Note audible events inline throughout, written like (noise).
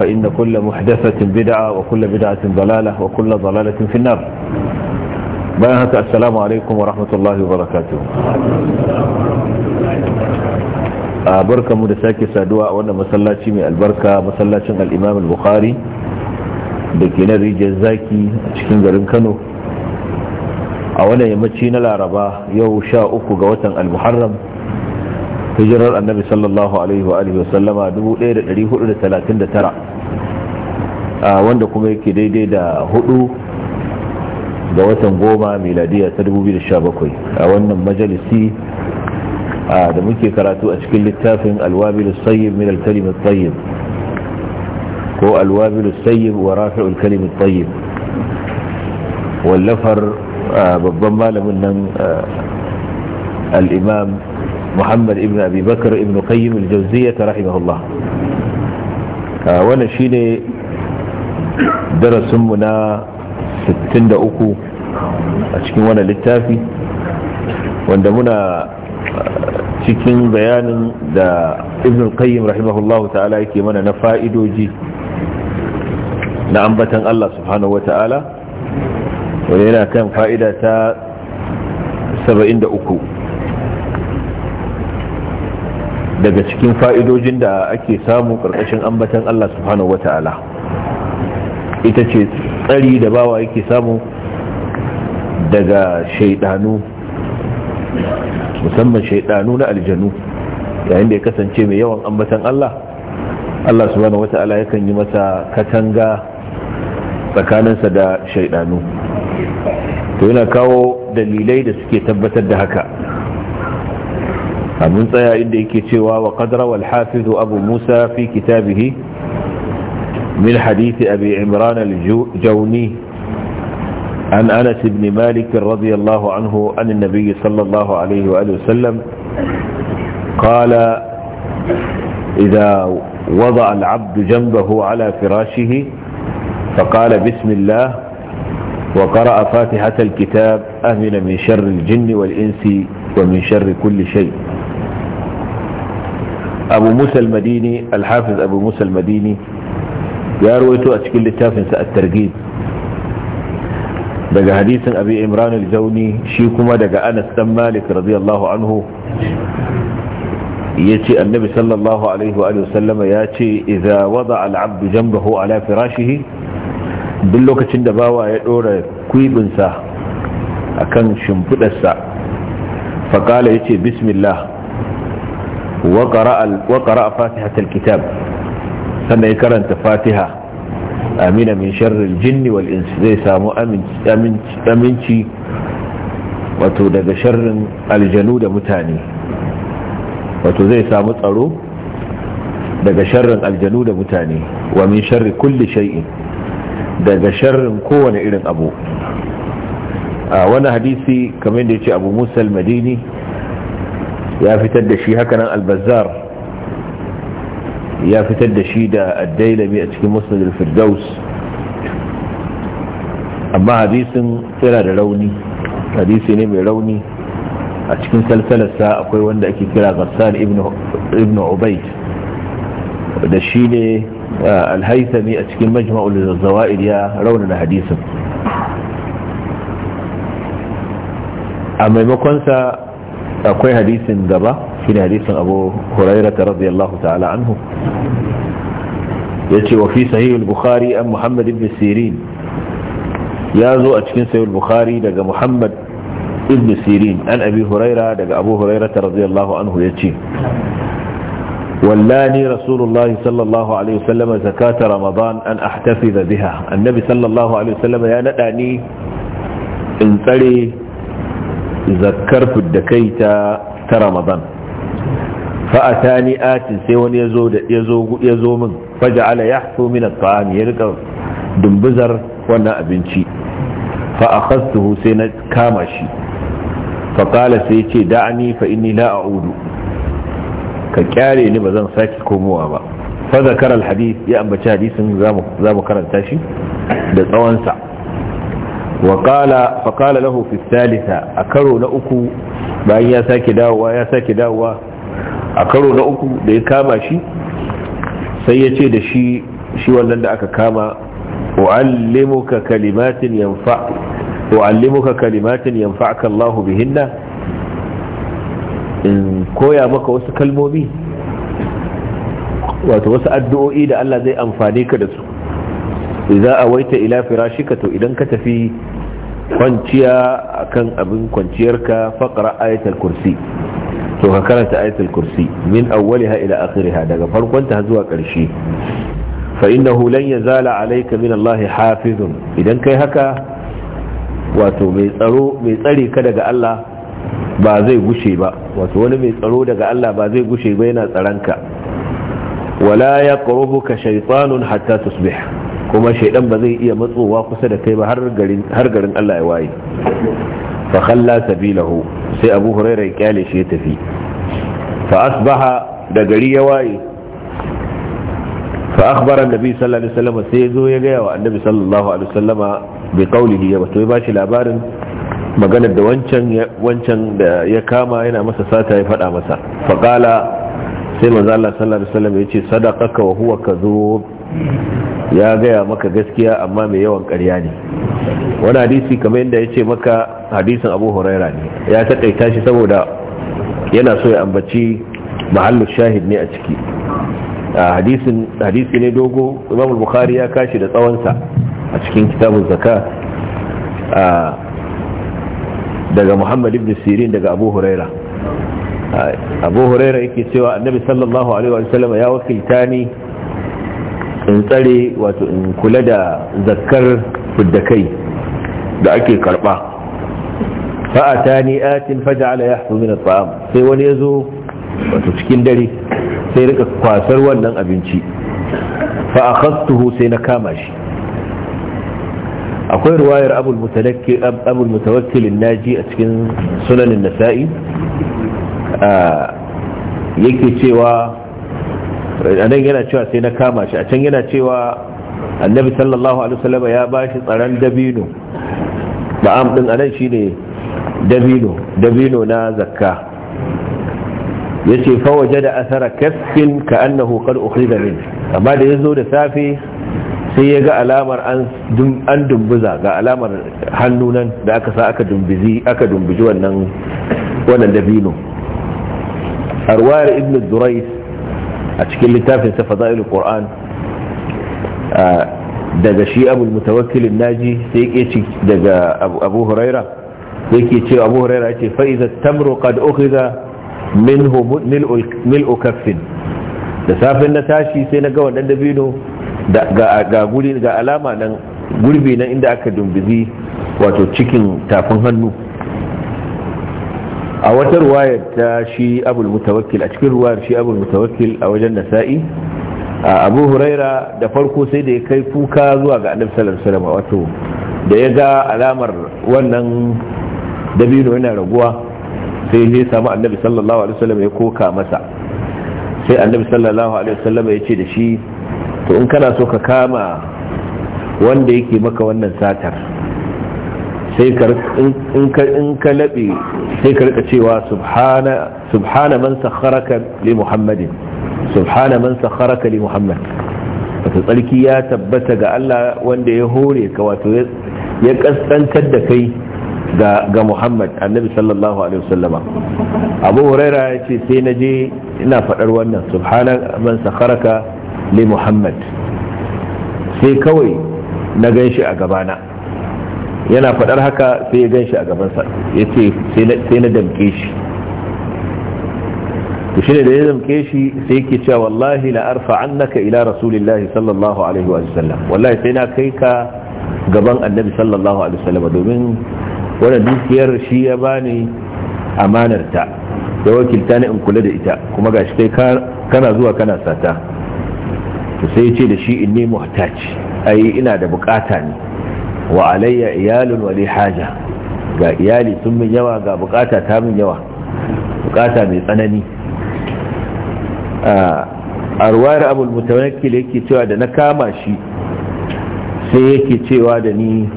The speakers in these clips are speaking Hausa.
فإن كل محدثة بدعة وكل بدعة ضلالة وكل ضلالة في النار بيانك السلام عليكم ورحمة الله وبركاته بركة مدساكي سادواء وانا مسلاتي من البركة مسلاتي الإمام البخاري بكنا ريجا زاكي شكين غرين كانوا أولا يمتشينا العربة يو شاء أكو قوة المحرم hijirar annabi sallallahu alaihi wa alihi wasallama 1439 wanda kuma yake daidai da hudu ga watan goma miladiya ta 2017 a wannan majalisi da muke karatu a cikin littafin alwabilus sayyib min alkalimat tayyib ko alwabilus sayyib wa rafi'ul wallafar babban malamin nan al-imam muhammad ibn abi bakr ibn qayyim al-jawziyyah rahimahullah wannan shine darasinmu na 63 a cikin wani littafi wanda muna uh, cikin bayanin da ibn qayyim rahimahullahu ta'ala yake mana na fa'idoji na ambatan Allah subhanahu wata'ala wani yana kan fa'ida ta 73 daga cikin fa'idojin da ake samu ƙarƙashin ambatan Allah subhanahu wata'ala ita ce tsari da bawa yake samu daga shaidanu musamman shaidanu na aljanu yayin da ya kasance mai yawan ambatan Allah Allah subhanahu wata'ala yakan yi masa katanga tsakaninsa da shaidanu to yana kawo dalilai da suke tabbatar da haka mun tsaya inda yake cewa wa qadra wal hafizu abu musa fi kitabihi من حديث أبي عمران الجوني عن أنس بن مالك رضي الله عنه عن النبي صلى الله عليه وآله وسلم قال إذا وضع العبد جنبه على فراشه فقال بسم الله وقرأ فاتحة الكتاب أمن من شر الجن والإنس ومن شر كل شيء أبو موسى المديني الحافظ أبو موسى المديني ya rawaito a cikin littafinsa a targhib daga hadisin abi imran al-jauni shi kuma daga anas dan malik radiyallahu anhu yace annabi sallallahu alaihi wa sallama yace idza wada al ala firashihi duk lokacin da bawa ya dora kuibinsa akan shimfidarsa faqala yace bismillah wa qara'a wa qara'a fatihatal kitab sannan ya karanta fatiha amina min sharrin jinni wal insi zai samu aminci wato daga sharrin aljanu da mutane wato zai samu tsaro daga sharrin aljanu da mutane wa min sharri kulli shay'in daga sharrin kowane irin abu a wani hadisi kamar da ya ce abu musa al-madini ya fitar da shi hakanan al-bazzar ya fitar da shi da addailami a cikin musnadul firdaus amma hadisin yana da rauni hadisi ne mai rauni a cikin salsalarsa akwai wanda ake kira gassan ibn ubaid da shi ne alhaisami a cikin majma'ul zawa'id ya da hadisin a maimakonsa akwai hadisin gaba shine hadisin abu hurairah radiyallahu ta'ala anhu yace wa fi sahih al-bukhari an muhammad ibn sirin ya zo a cikin sahih al-bukhari daga muhammad ibn sirin an abi hurairah daga abu hurairah radiyallahu anhu yace ولاني رسول الله صلى الله عليه وسلم زكاة رمضان biha annabi sallallahu alaihi صلى الله عليه وسلم يا نداني انطري زكر في الدكيتة fa'atani atin sai wani ya zo min faja'ala ya haso min at-ta'am ya rika dumbuzar wannan abinci fa akhadtuhu sai na kama shi fa sai ya ce da'ani fa inni la a'udu ka kyare ni ba zan saki komowa ba fa karal al ya ambaci hadisin za mu karanta shi da tsawonsa. sa wa qala fa qala lahu fi thalitha akaro na uku bayan ya sake dawowa ya sake dawowa a karo na uku da ya kama shi sai ya ce da shi shi wannan da aka kama u'allimuka kalimatin yanfa u'allimuka kalimatin yanfa'aka Allah bihinna in koya maka wasu kalmomi wato wasu addu'o'i da Allah zai amfane ka da su a awaita ila firashika to idan ka tafi kwanciya akan abin kwanciyarka faqra ayatul kursi to ka karanta ayatul kursi min awwaliha ila akhiriha daga farkon har zuwa karshe fa innahu lan yazala alayka min Allah hafizun idan kai haka wato mai tsaro mai tsare ka daga Allah ba zai gushe ba wato wani mai tsaro daga Allah ba zai gushe ba yana tsaranka wala yaqrubuka shaytanun hatta tusbih kuma shaidan ba zai iya matsowa kusa da kai ba har garin Allah ya waye fa khalla sabilahu sai abu huraira ya kyale shi ya tafi fa asbaha da gari ya waye fa akhbara annabi sallallahu alaihi wasallam sai zo ya ga wa annabi sallallahu alaihi wasallama bi qawlihi ya wato ba shi labarin maganar da wancan wancan da ya kama yana masa sata ya faɗa masa fa qala sai manzo Allah sallallahu alaihi wasallam ya ce sadaqaka wa huwa kadhub ya gaya maka gaskiya amma mai yawan karya ne wani hadisi kamar yadda ya ce maka hadisin abu huraira ne ya taƙaita shi saboda yana so ya ambaci mahallu shahid ne a ciki hadisi ne dogo imamul bukhari ya kashi da tsawonsa a cikin kitabun zaka daga muhammad ibn sirin daga abu huraira abu huraira yake cewa annabi sallallahu alaihi wasallam ya wakilta ni in tsare wato in kula da zakkar fuddakai da ake karba fa'ata ni atin faja'ala yahfu min at'am sai wani yazo wato cikin dare sai rika kwasar wannan abinci fa tuhu sai na kama shi akwai ruwayar abul mutalakkil abul mutawakkil naji a cikin sunan an-nasa'i yake cewa a nan yana cewa sai na kama shi a can yana cewa annabi sallallahu alaihi wasallam ya bashi tsaron dabino ba'am din anan shine dabino dabino na zakka yace fa wajada athara ka ka'annahu qad ukhrida min amma da yazo da safe sai ya ga alamar an dumbuza ga alamar hannu nan da aka sa aka dumbizi aka dumbuji wannan wannan dabino arwayar ibn durais a cikin littafin sa fadailul qur'an daga shi abu mutawakkil naji sai yake ci daga abu huraira yake ce abu huraira ce fa iza tamru qad ukhiza minhu mil'u kaffin da safin na tashi sai na ga wannan dabino ga guri ga alama nan gurbi nan inda aka dumbizi wato cikin tafin hannu a wata ruwayar ta shi abul mutawakkil a cikin ruwayar shi abul mutawakkil a wajen nasa'i abu huraira da farko sai da ya kai kuka zuwa ga annabi sallallahu alaihi wasallam wato da ya ga alamar wannan dabino yana raguwa sai ya samu annabi sallallahu alaihi wasallam ya koka masa sai annabi sallallahu alaihi wasallam ya ce da shi to in kana so ka kama wanda yake maka wannan satar sai in ka laɓe sai ka rika cewa subhana man sakharaka li muhammadin subhana man sakharaka li muhammad wato tsarki ya tabbata ga Allah wanda ya hore ka wato ya kaskantar da kai ga muhammad annabi sallallahu alaihi wasallama abu huraira ya ce sai na je ina faɗar wannan subhana man sakharaka li muhammad sai kawai na gan shi a gabana yana faɗar haka sai ya gan shi a gabansa ya ce sai na damke shi to shi ne da ya damke shi sai yake cewa wallahi na arfa annaka ila rasulillahi sallallahu alaihi wa sallam wallahi sai na kai ka gaban annabi sallallahu alaihi wa sallam domin wani dukiyar shi ya bani amanar ta da wakilta ne in kula da ita kuma ga shi kai kana zuwa kana sata to sai ya ce da shi in ne muhtaji ai ina da bukata ne wa alayya iyalun wa li haja ga iyali sun min yawa ga bukata ta min yawa bukata mai tsanani a ruwayar abul mutawakkil yake cewa da na kama shi sai yake cewa da ni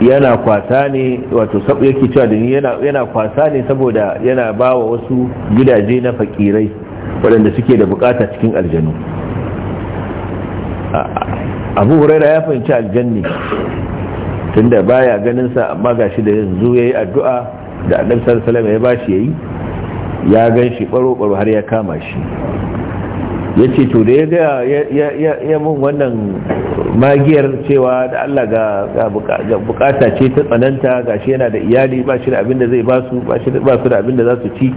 yana kwasa ne wato sabu yake cewa da ni yana kwasa ne saboda yana bawa wasu gidaje na fakirai waɗanda suke da bukata cikin aljanu abu huraira ya fahimci aljanni tunda baya ganin sa amma shi da yanzu ya yi addu'a da annabi sallallahu alaihi wasallam ya bashi yayi ya gan shi baro baro har ya kama shi yace to da ya ga ya mun wannan magiyar cewa da Allah ga bukata ce ta tsananta ga shi yana da iyali ba shi da abin da zai ba su ba shi ba su da abin da za su ci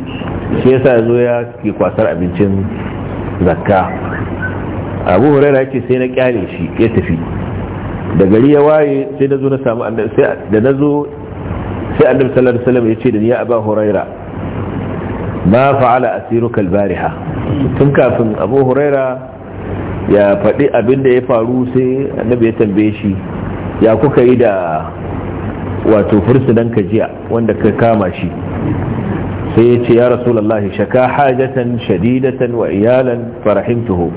shi yasa yazo ya ke kwasar abincin zakka abu huraira yake sai na kyale shi ya tafi da gari ya waye sai na zo na samu da na zo sai ya ce da ni ya ba huraira ma fa'ala asiruka kalbariha tun kafin abu huraira ya faɗi abin da ya faru sai annabi ya tambaye shi ya kuka yi da wato fursunan ka jiya wanda ka kama shi sai ya ce ya rasulullahi shaka hajatan shadidatan wa iyalan farahimtuhu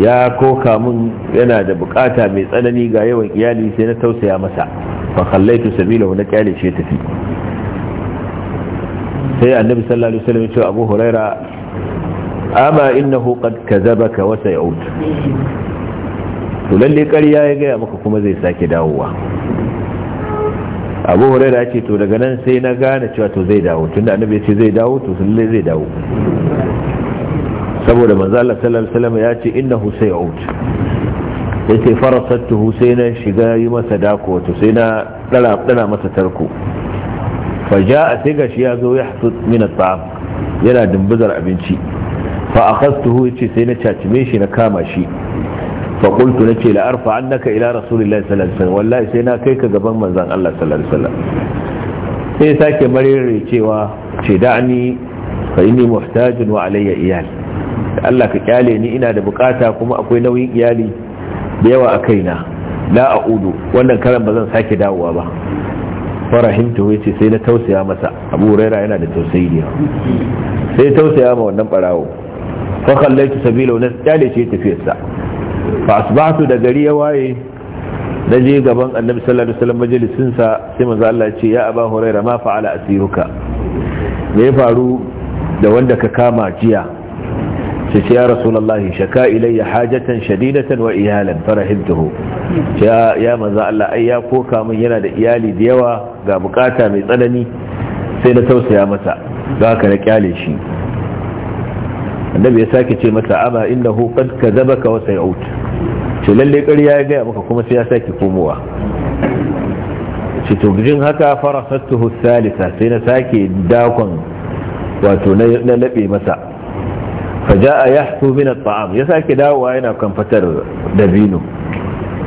ya koka mun yana da bukata mai tsanani ga yawan iyali sai na tausaya masa fa khallaitu sabila wani kyale shi tafi sai annabi sallallahu alaihi wasallam ya ce abu huraira amma innahu qad kazabaka wa sayud to lalle ƙarya ya gaya maka kuma zai sake dawowa abu huraira ce to daga nan sai na gane cewa to zai dawo tunda annabi ya ce zai dawo to lalle zai dawo saboda manzo Allah sallallahu alaihi wasallam ya ce innahu sayauj yace farasattuhu sai na shiga yi masa dako to sai na dara dara masa tarko fa a sai gashi ya zo ya hasud min at'am yana dumbuzar abinci fa a akhadtuhu ce sai na cacime shi na kama shi fa qultu nace la arfa annaka ila rasulillahi sallallahu alaihi wallahi sai na kai ka gaban manzon Allah sallallahu alaihi wasallam sai sake marire cewa ce da'ani fa inni muhtajun wa alayya iyali da Allah ka kyale ni ina da bukata kuma akwai nauyin iyali da yawa a kaina la a'udu wannan karan ba zan sake dawowa ba farahimtu yace sai na tausaya masa Abu raira yana da tausayi ne sai tausaya ma wannan barawo fa khallaitu sabila na shi tafiyar tafiyarsa fa asbahtu da gari ya waye na je gaban annabi sallallahu alaihi wasallam majalisin sa sai manzo Allah ya ce ya Abu Huraira ma fa'ala asiruka me ya faru da wanda ka kama jiya sai ya rasu rasulullah shaka ilayya hajatan shadidatan wa iyalan farahibtuhu ya ya Allah ai ya koka min yana da iyali da yawa ga bukata mai tsanani sai na tausaya masa don ka na kyale shi annabi ya sake ce masa ama innahu qad kadhabaka wa sayauta ce lalle ƙarya ya gaya maka kuma sai ya sake komowa ce to jin haka tuhu salisa sai na sake dakon wato na laɓe masa faja'a yahtu min at-ta'am ya sake dawowa yana kamfatar dabino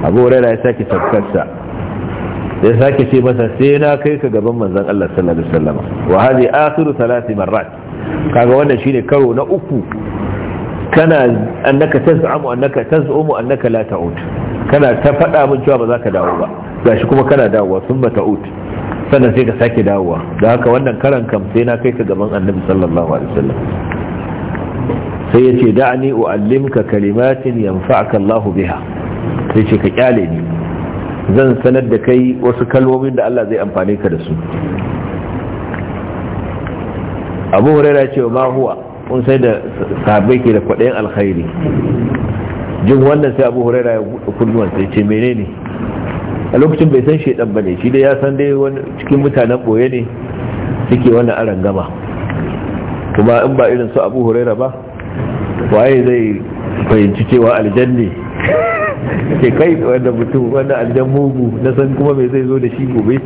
Abu raira ya sake tafkarsa ya sake ce masa sai na kai ka gaban manzon Allah sallallahu alaihi wasallam wa hadi akhiru thalath marrat kaga wannan shine karo na uku kana annaka taz'amu annaka taz'umu annaka la ta'ud kana ta faɗa min cewa ba za ka dawo ba gashi kuma kana dawowa sun ba ta'ud sannan sai ka sake dawowa da haka wannan karan kam sai na kai ka gaban annabi sallallahu alaihi wasallam sai ya ce da'ani u'allimka kalimatin yanfa'aka Allah biha sai ce ka kyale ni zan sanar da kai wasu kalmomin da Allah zai amfane ka da su Abu Hurairah ce ma huwa kun sai da sahabbai ke da kwaɗayin alkhairi jin wannan sai Abu Hurairah ya kullum sai ce menene a lokacin bai san shi ba bane shi dai ya san dai wani cikin mutanen ɓoye ne suke wannan arangama kuma in ba irin su abu huraira ba waye zai fahimci cewa aljanni ke kai wanda mutum wanda aljan mugu na san kuma mai zai zo da shi gobe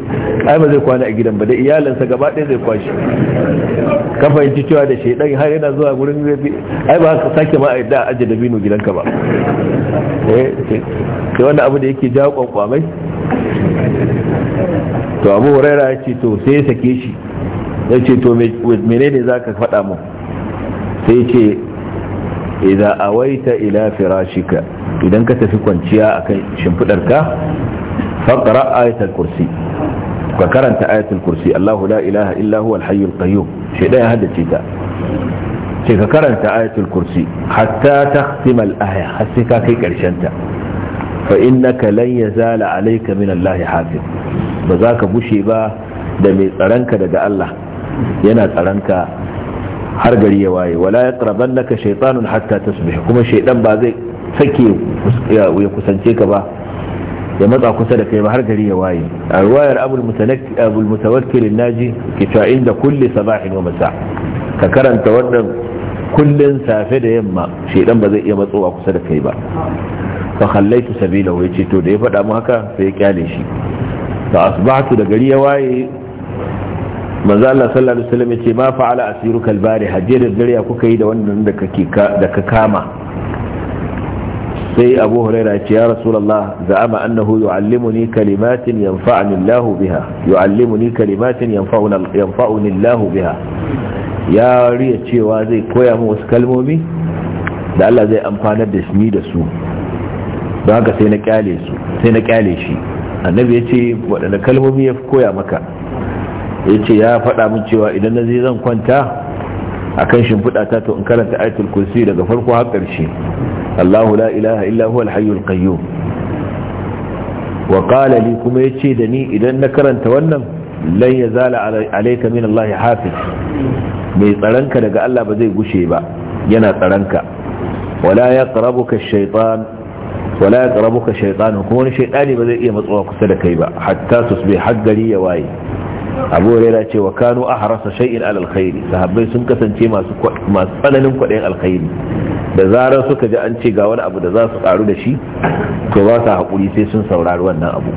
ai ba zai kwana a gidan ba da iyalansa gaba ɗaya zai kwashi ka fahimci cewa da shaidan har yana zuwa gurin zai ai ba ka sake ma a yadda ajiye da bino gidanka ba eh, ke wanda abu da yake jawo kwankwamai to abu huraira ya ce to sai ya sake shi ya ce to menene za ka faɗa mu sai ce idan awaita ila firashika idan ka tafi kwanciya a kan shimfiɗarka faƙara ayatul kursi ka karanta ayatul kursi Allahu la ilaha illahu huwa al-hayyul qayyum shi ɗaya haddace ta ce ka karanta ayatul kursi hatta takhtima al-aya har sai ka kai karshen ta fa innaka lan yazala alayka min Allah hafiz ba za ka bushe ba da mai tsaranka daga Allah yana tsaranka har gari ya waye wala ya tsaraban naka shaitanun hatta ta kuma shaitan ba zai sake ya kusance ka ba ya matsa kusa da kai ba har gari ya waye a ruwayar abul mutawakkilin naji ke cewa inda kulli sabahin wa masa ka karanta wannan kullun safe da yamma shaitan ba zai iya matsowa kusa da kai ba fa khallaitu sabilahu yace to da ya faɗa mu haka sai ya kyale shi fa asbahtu da gari ya waye manzo Allah sallallahu alaihi wasallam yace ma fa'ala asiruka al-bari hajjar dare kuka yi da wannan da kake da ka kama sai Abu Huraira yace ya Rasulullah za'ama annahu yu'allimuni kalimatin yanfa'uni Allah biha yu'allimuni kalimatin yanfa'uni Allah biha ya riya cewa zai koya mu wasu kalmomi da Allah zai amfanar da shi da su don haka sai na kyale su sai na kyale shi annabi yace waɗanne kalmomi ya koya maka ya ce ya faɗa min cewa idan na zai zan kwanta a kan shimfiɗa ta to in karanta ayatul kursi daga farko har ƙarshe Allahu la ilaha illa huwa al-hayyul qayyum wa qala li kuma yace da ni idan na karanta wannan lan yazala alayka min Allah hafiz mai tsaranka daga Allah ba zai gushe ba yana tsaranka wala yaqrabuka ash-shaytan wala yaqrabuka shaytan kuma wani shaytani ba zai iya matsuwa kusa da kai ba hatta tusbih haggari ya waye abu huraira ce wa Kano ahrasa shay'in shai'in khairi sahabbai sun kasance masu tsananin kwaɗayin alkhairi da zarar suka ji an ce ga wani abu da za su karu da shi to ba su haƙuri sai sun saurari wannan abu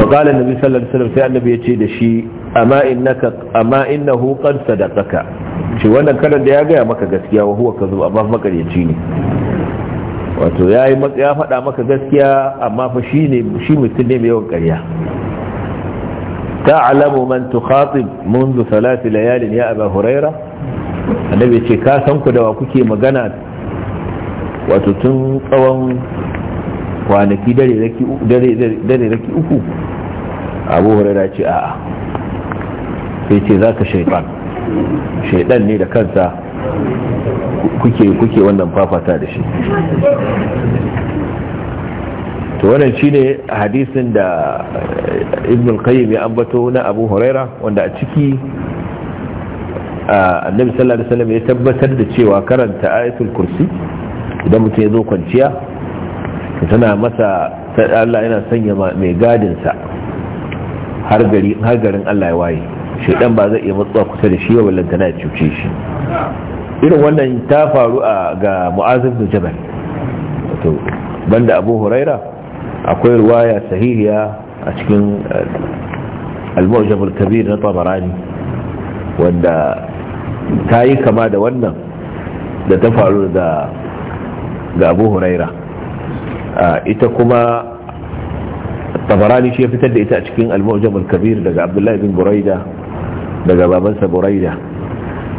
faƙalar النبي صلى الله sai annabi ya ce da shi amma innaka amma innahu qad sadaqaka shi wannan karan da ya gaya maka gaskiya wa huwa kazub amma makaryaci ne wato yayi ya faɗa maka gaskiya amma fa shine shi mutum ne mai yawan ƙarya ta'lamu man tukhatib منذ ثلاث ليال ya aba huraira annabi ce ka san ku da wa kuke magana wato tun tsawon kwanaki dare raki uku abu huraira ce a'a sai ce za ka shaidan ne da kansa kuke wannan fafata da shi to wannan shine hadisin da eh, ibn al-qayyim ya ambato na abu huraira wanda a ciki annabi sallallahu alaihi wasallam ya tabbatar da cewa karanta ayatul kursi idan mutum ya zo kwanciya tana masa Allah yana sanya mai gadin sa har gari har garin Allah ya waye dan ba zai iya matsuwa kusa da shi ba wallan ya cuce shi irin wannan ta faru a ga mu'azib jabal to banda abu huraira akwai ruwaya sahihiya a cikin eh, al-mu'jam al-kabir na tabarani wanda ta yi kama da wannan da ta faru da ga abu huraira ita kuma tabarani shi ya fitar da ita a cikin al-mu'jam al-kabir daga abdullahi bin buraida daga babansa buraida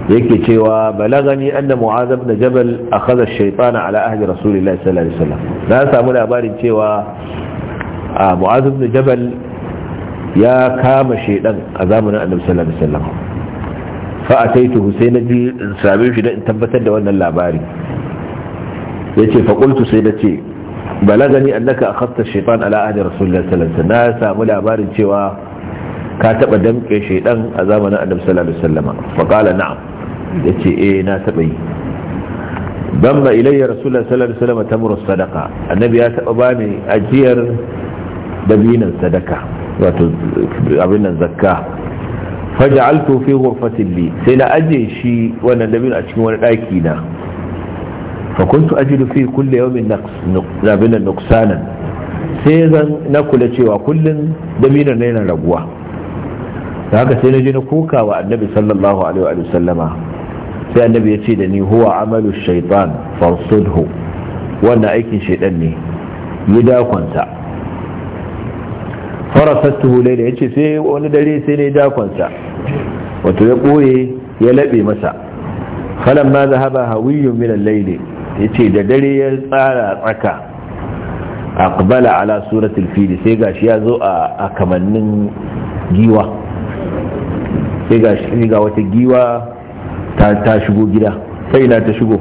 yake cewa balagani anna mu'az ibn jabal a ash shaitana ala ahli rasulillahi sallallahu alaihi wasallam na samu labarin cewa a mu'az ibn jabal ya kama shedan a zamanin annabi sallallahu alaihi wasallam fa ataitu sai na ji in same shi da in tabbatar da wannan labari yace fa qultu sai ce balagani annaka a shaytan ala ahli rasulullahi sallallahu alaihi wasallam na samu labarin cewa ka taba damke shedan a zamanin annabi sallallahu alaihi wasallam fa qala na'am yace eh na taba yi bamma ilayya rasulullahi sallallahu alaihi wasallam tamru sadaqa annabi ya taba bani ajiyar dabinan sadaka wato abinan zakka faja'altu fi ghurfatin li sai na aje shi wannan dabino a cikin wani daki na fa kuntu ajidu fi kulli yawmin naqsan nuqsanan sai zan na kula cewa kullun dabinan ne yana raguwa da haka sai na je na kuka wa annabi sallallahu alaihi wa sallama sai annabi ya ce da ni huwa amalu shaitan farsudhu wannan aikin shaitan ne yi dakonta farasattuhu ya yace sai wani dare sai ne dakonsa wato ya koye ya labe masa falan ma zahaba hawiyyun min al ya yace da dare ya tsara tsaka aqbala ala surati al-fil sai gashi ya zo a kamannin giwa sai gashi ga wata giwa ta shigo gida sai na ta shigo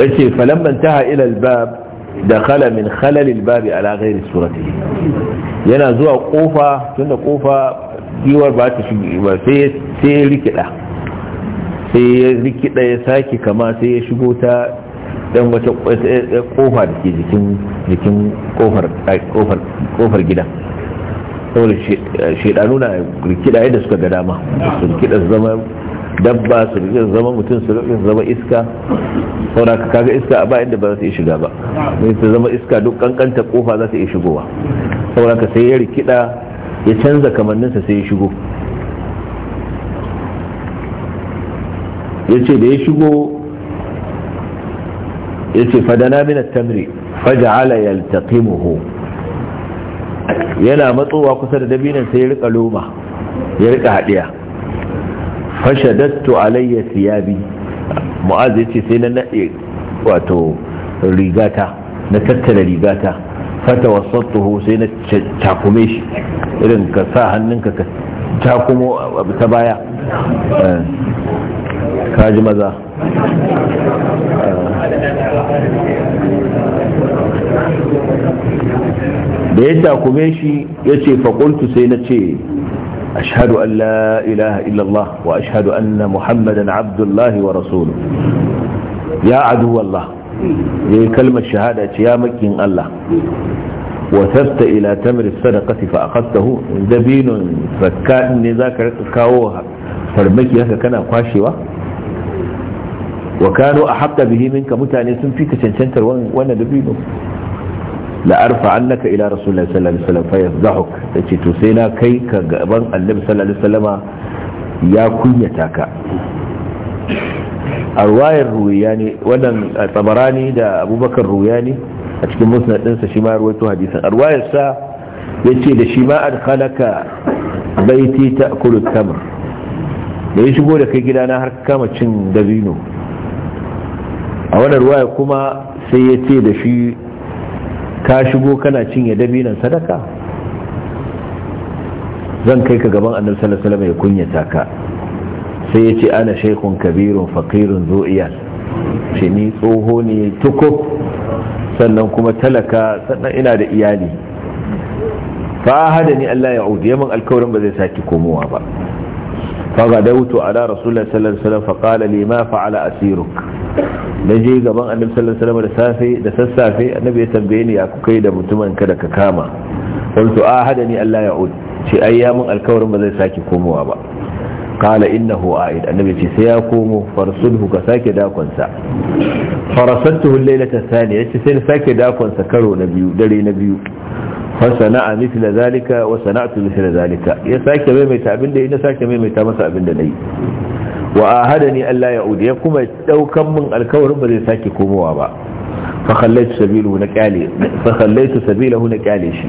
yace falamman taha ila al-bab kala min khalalil babi ala ghairi suratihi yana zuwa kofa tunda kofa giwar ba ta shige ba sai sai rikida sai ya rikida ya saki kama sai ya shigo ta dan wata kofa da ke jikin jikin kofar kofar kofar gida saboda shedanu na rikida yadda suka ga dama su rikida su zama dabba su rike zama mutum su rike zama iska saboda ka kaga iska bayan da ba za ta iya shiga ba mai su zama iska duk kankanta kofa za ta iya shigowa saboda ka sai ya rikida ya canza kamanninsa sai ya shigo ya ce da ya shigo ya ce fadana min tamri faja'ala yaltaqimuhu yana matsowa kusa da dabinan sai ya rika loma ya rika hadiya fashadattu alayya siyabi mu'az ce sai na naɗe wato rigata na tattara rigata fata wasattuhu sai na takume shi irin ka sa hannunka ka takumo ta baya eh, kaji maza eh, da ya takume shi ya ce faƙultu sai na ce أشهد أن لا إله إلا الله وأشهد أن محمدا عبد الله ورسوله يا عدو الله هي كلمة شهادة يا مكين الله وثبت إلى تمر الصدقة فأخذته دبين فكأني ذاك كاوها فرمكي هكا كان قاشوة وكانوا أحق به منك متعني سنفيك شنشنتر وانا دبينه la arfa annaka ila rasulullahi sallallahu alaihi wasallam fa yazdahuk tace to sai na kai ka gaban annabi sallallahu alaihi wasallama ya kunyata ka a ruwayar wannan tabarani da abubakar ruyani a cikin musnad ɗinsa shi ma ruwaito hadisin arwayar ruwayarsa ya ce da shi ma an halaka baiti ta tamr da ya shigo da kai gidana har kama cin dabino a wannan ruwaya kuma sai ya ce da shi ka shigo kana cinye dabinan sadaka zan kai ka gaban annabi sallallahu ya kunyata ka sai ya ce ana shaikhun kabirun faqirun zu'iyan ce ni tsoho ne tuko sannan kuma talaka sannan ina da iyali fa hada ni Allah ya udiye min alkawarin ba zai saki komowa ba fa gadawtu ala rasulullahi sallallahu alaihi wasallam fa qala li ma fa'ala asiruk na je gaban annabi sallallahu alaihi wasallam da safe da sassafe annabi ya tambaye ni ya kai da mutumin da ka kama qultu ahadani ah, Allah ya'ud ce ai ya mun alkawarin ba zai sake komowa ba qala innahu a'id annabi ce sai ya komo farsudhu ka sake dakon sa farasatuhu al-lailata thaniya ce sai sake dakon sa karo na biyu dare na biyu fasana'a mithla zalika wa sana'tu mithla zalika ya sake maimaita abin da ya sake maimaita masa abin da nayi wa ahadani Allah ya ude ya kuma daukan min alkawarin ba zai sake komowa ba fa khallaitu sabilahu na kyale kyale shi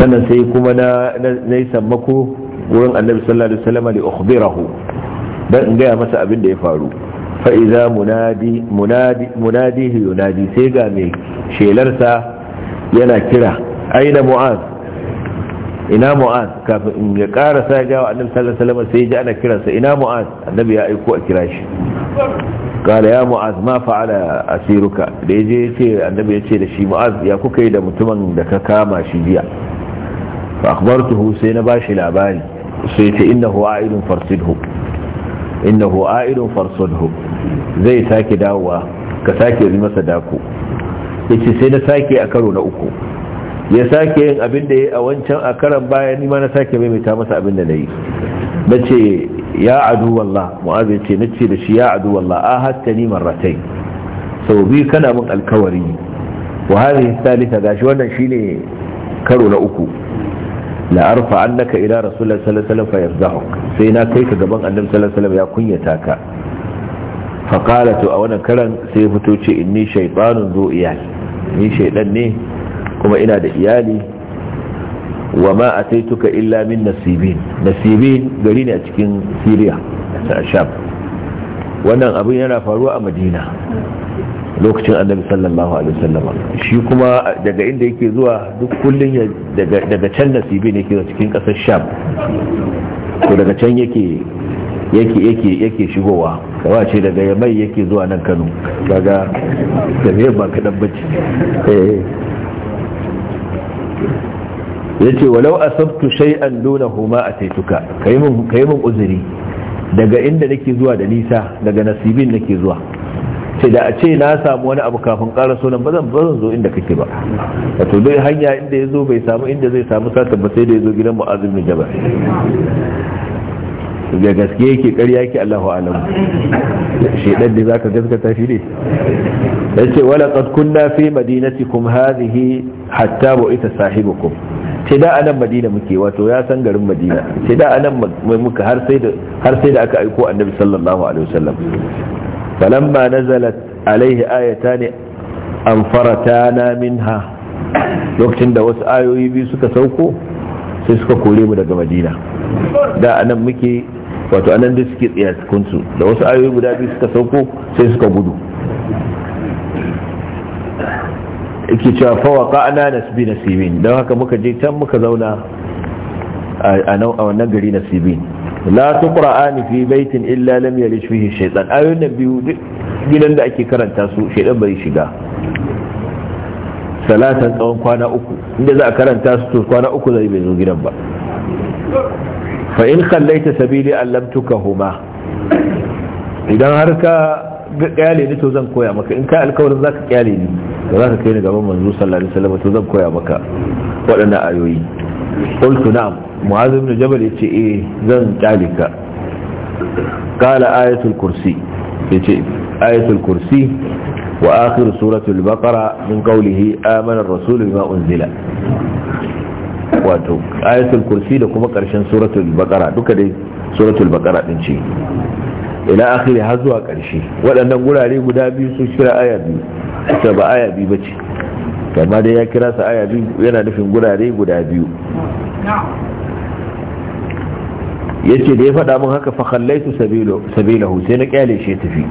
sannan sai kuma na yi sammako wurin annabi sallallahu alaihi wasallam li ukhbirahu dan in gaya masa abin da ya faru fa idza munadi munadi munadihi yunadi sai ga mai shelarsa yana kira aina mu'az ina mu'az kafin ya karasa ya gawa annabi sallallahu alaihi wasallam sai ji ana kiransa ina mu'az annabi ya aiko a kira shi kala ya mu'az ma fa'ala asiruka da yaje yace annabi yace da shi mu'az ya kuka yi da mutumin da ka kama shi jiya fa akhbartuhu sai na bashi labari sai yace innahu a'idun farsidhu innahu a'idun farsidhu zai sake dawowa ka sake yi masa dako yace sai na sake a karo na uku ya sake yin abin da ya a wancan a karan baya nima na sake maimaita masa abin da na yi na ce ya adu wallah ce na ce da shi ya adu a hatta ni marratai sau biyu kana mun alkawari wa hadhihi ga shi wannan shine karo na uku la arfa annaka ila rasulullahi sallallahu fa yazdahuk sai na kai ka gaban annabi salasalam ya kunyata ka fa to a wannan karan sai fito ce inni shaytanun zo iyali ni shaydan ne kuma ina da iyali wa ma ataituka illa min nasibin nasibin gari ne a cikin syria a sham wannan abin yana faruwa a madina lokacin annabi sallallahu alaihi wasallam shi kuma daga inda yake zuwa duk kullun daga can nasibi ne zuwa cikin kasar sham to daga can yake yake yake yake shigowa kawa ce daga yamai yake zuwa nan Kano kaga da ne ba kadan bace eh, eh. yace walau asabtu shay'an dunahu ma a taituka ka yi mun uzuri daga inda nake zuwa da nisa daga nasibin nake zuwa sai da a ce na samu wani abu kafin ƙara sunan ba zan bazan zo inda kake ba wato dai hanya inda ya zo bai samu inda zai samu sata ba sai da ya zo gidan mu'azim bin jabal da gaske yake ƙarya ki Allahu alam shedan da zaka gaskata shi ne yace wala qad kunna fi madinatikum hadhihi hatta bu'ita sahibukum ce da anan madina muke wato ya san garin madina ce da anan muka har sai da har sai da aka aiko annabi sallallahu alaihi wasallam falamma nazalat alaihi ne ayatan anfaratana minha lokacin da wasu ayoyi biyu suka sauko sai suka kore mu daga madina da anan muke wato anan da suke tsaya cikin su da wasu ayoyi guda biyu suka sauko sai suka gudu yake cewa fawa ƙa'ana nasibi nasibin don haka muka je can muka zauna a wannan gari nasibin la ƙura'ani fi baitin illa lam yalish fihi shaytan ayoyin biyu gidan da ake karanta su shaytan bai shiga salatan tsawon kwana uku inda za a karanta su to kwana uku zai bai zo gidan ba fa in khallaita sabili allamtuka huma idan har ka ga kyale ni to zan koya maka in ka alkawarin zaka kyale ni to za ka kai ni gaban manzo sallallahu alaihi wasallam to zan koya maka waɗannan ayoyi qultu na'am mu'adh ibn jabal yace eh zan kyale ka qala ayatul kursi yace ayatul kursi wa akhir suratul baqara min qawlihi amana ar-rasul bima unzila wato ayatul kursi da kuma karshen suratul baqara duka dai suratul baqara din ce ila akhiri har zuwa ƙarshe waɗannan gurare guda biyu sun kira aya biyu ita ba aya biyu ba ce amma dai ya kira su aya biyu yana nufin gurare guda biyu yace da ya faɗa min haka fa khallaitu sabilahu sai na kyale shi tafi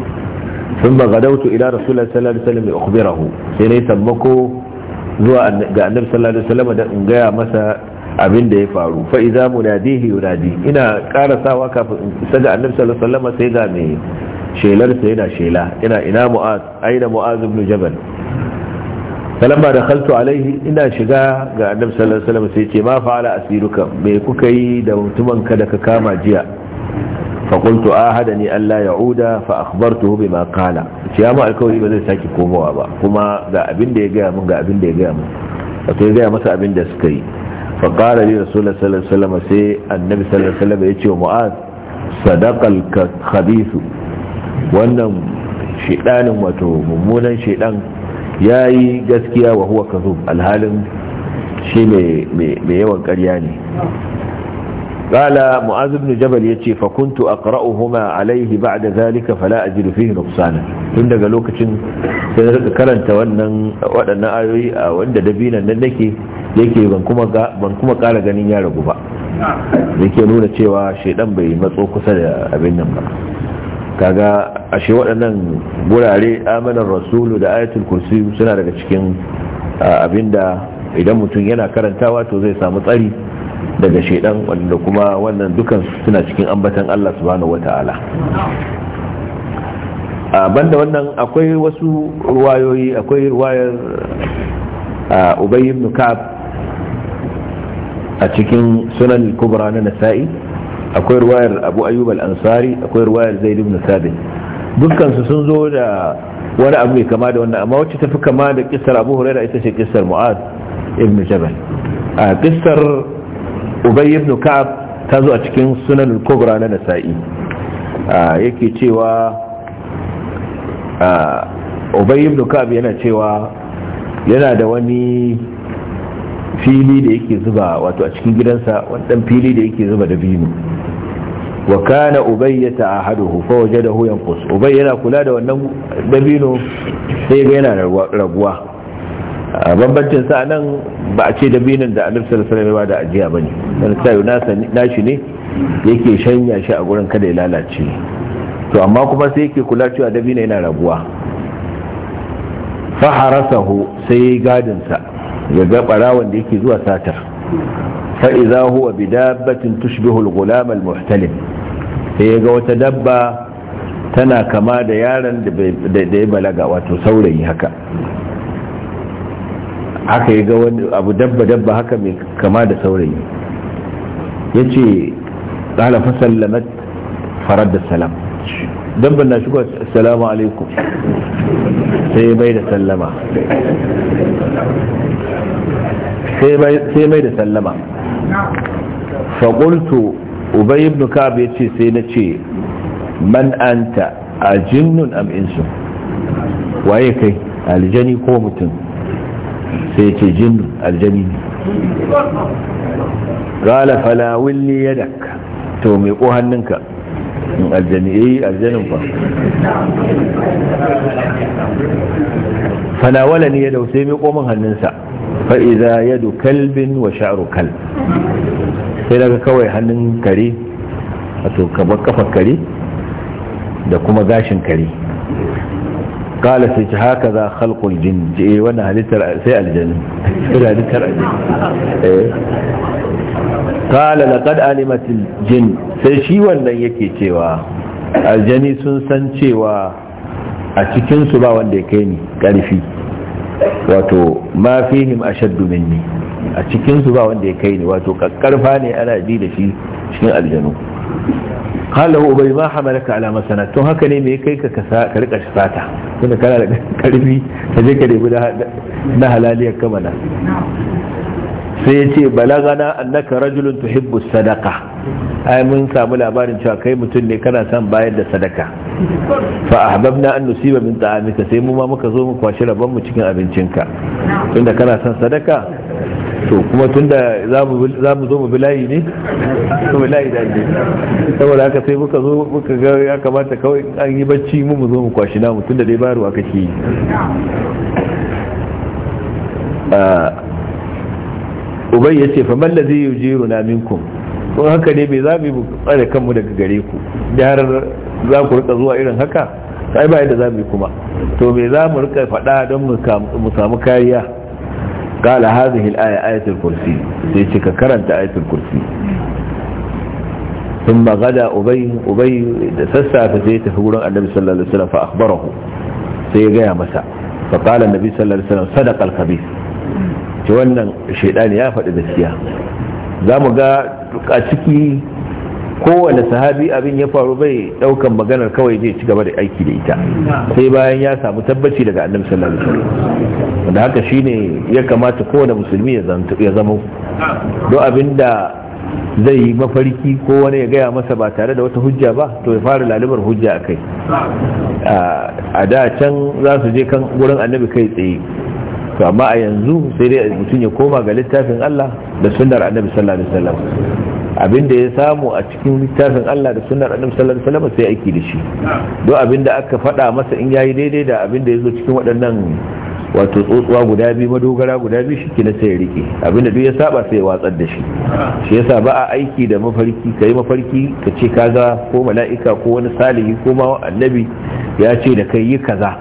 sun ba gadautu ila rasulullahi sallallahu alaihi wasallam ya ukhbirahu sai na yi sammako zuwa ga annabi sallallahu alaihi wasallam da in gaya masa abin da ya faru fa iza munadihi yunadi ina karasawa kafin in isa ga annabi sallallahu alaihi wasallam sai ga me shelar sai yana shela ina ina mu'az aina mu'az ibn jabal falamma dakhaltu alaihi ina shiga ga annabi sallallahu alaihi wasallam sai ce ma fa'ala asiruka me kuka yi da mutumin ka da ka kama jiya fa qultu ahadani an la ya'uda fa akhbartuhu bima qala ya mu alkawi ba zai saki komawa ba kuma ga abin da ya ga mun ga abin da ya ga mun wato ya ga masa abin da suka yi faƙara ne rasulun sallallahu sai annabi sallallahu alaihi ya ce wa mu'az sadakal khabisu wannan shidanin wato mummunan shaɗan ya yi gaskiya wa huwa kazub alhalin shi mai yawan ƙarya ne قال معاذ بن جبل يتي فكنت أقرأهما عليه بعد ذلك فلا fala فيه نقصانا tunda ga lokacin da na karanta wannan waɗannan ayoyi a wanda dabinan nan nake yake ban kuma kara ƙara ganin ya ragu ba yake nuna cewa shaidan bai matso kusa da abin nan ba kaga ashe waɗannan gurare amanar rasulu da ayatul kursi suna daga cikin abinda idan mutum yana karantawa to zai samu tsari daga shaidan wanda kuma wannan dukan suna cikin ambatan Allah subhanahu wata'ala banda wannan akwai wasu ruwayoyi akwai ruwayar ubay ibn ka'ab a cikin sunan kubra na nasa'i akwai ruwayar abu ayyub al-ansari akwai ruwayar zaid ibn sabit dukkan sun zo da wani abu mai kama da wannan amma wacce tafi kama da kissar abu hurairah ita ce kissar mu'ad ibn jabal a kissar ubay ibn ka'ab ta zo a cikin sunan kubra na nasa'i yake cewa ubay ibn ka'ab yana cewa yana da wani fili da yake zuba wato a cikin gidansa wannan fili da yake zuba da binu wa kana ubayyata ahaduhu fa wajadahu yanqus ubay yana kula da wannan dabino sai ga yana raguwa bambancin sa nan ba a ce dabinon da annabi sallallahu alaihi wasallam da ajiya bane dan sai nasa nashi ne yake shanya shi a gurin kada ya lalace to amma kuma sai yake kula cewa dabino yana raguwa fa harasahu sai gadinsa ya ga barawan da yake zuwa satar fa'iza huwa bi dabbatin tushbihul gulam al-muhtalim sai ya ga wata dabba tana kama da yaran da ya balaga wato saurayi haka haka ya ga wani abu dabba dabba haka mai kama da saurayi yace ce ƙalafa sallamat farar da salam dan na shigo assalamu alaikum sai bai da sallama sai mai da sallama faƙultu ubai ibn ka'ab ya ce sai na ce man anta a jinnun am insu waye kai aljani ko mutum sai ce jinnun aljani ne ƙala falawin ne ya to mai ko hannunka in aljani eh aljanin fa fanawala ne ya dausa mai komin hannunsa fa idza yadu kalbin wa sha'ru kalb sai daga kawai hannun kare wato kabar kafar kare da kuma gashin kare قال سيج هكذا خلق الجن وانا هلتر سي الجن هلتر الجن kala laqad alimatil jin sai shi wannan yake cewa aljani sun san cewa a cikin ba wanda ya kai ni karfi wato ma fihim ashaddu minni a cikin su ba wanda ya kai ni wato kakkarfa ne ana bi da shi cikin aljanu kala hu bai ma hamalaka ala masana tun haka ne me kai ka ka rika fata tunda kana da karfi ka je ka rebu na halaliyar kamana sai ya ce balagana annaka rajulun tuhibbu sadaka ai mun samu labarin cewa kai mutum ne kana son bayar da sadaka fa ahbabna an nusiba min ta'amika sai mu ma muka zo mu kwashi rabon mu cikin abincinka tunda kana son sadaka to kuma tunda za mu zo mu bilayi ne to bilayi da ne saboda haka sai muka zo muka ga ya kamata kawai an yi bacci mu mu zo mu kwashi namu tunda dai bayarwa kake yi ah, ubai ya ce faman da zai yi na minkum kun haka ne bai za mu tsare kanmu daga gare ku da za ku rika zuwa irin haka sai ba yadda za mu yi kuma to me za mu rika faɗa don mu samu kariya قال هذه الآية آية الكرسي ليتك كرنت da sassafe sai غدا أبي أبي تسسى فزيت فقولا النبي صلى الله sai ya gaya masa مساء فقال النبي صلى الله عليه وسلم صدق الخبيث ce wannan ne ya faɗi gaskiya za mu ga a ciki kowane sahabi abin ya faru bai daukan maganar kawai zai ci gaba da aiki da ita sai bayan ya samu tabbaci daga annabi sallallahu alaihi wasallam wanda haka shine ya kamata kowane musulmi ya zama ya zama do abinda zai yi mafarki ko wani ya gaya masa ba tare da wata hujja ba to ya fara lalubar hujja akai a da can za su je kan gurin annabi kai tsaye to amma a yanzu sai dai mutum ya koma ga littafin Allah da sunnar annabi sallallahu alaihi wasallam abinda ya samu a cikin littafin Allah da sunnar annabi sallallahu alaihi wasallam sai aiki da shi don abinda aka faɗa masa in yayi daidai da abinda yazo cikin waɗannan wato tsotsuwa guda biyu madogara guda biyu shi kina sai ya rike abinda duk ya saba sai ya watsar da shi shi yasa ba a aiki da mafarki kai mafarki ka ce kaza ko mala'ika ko wani salihi ko ma annabi ya ce da kai yi kaza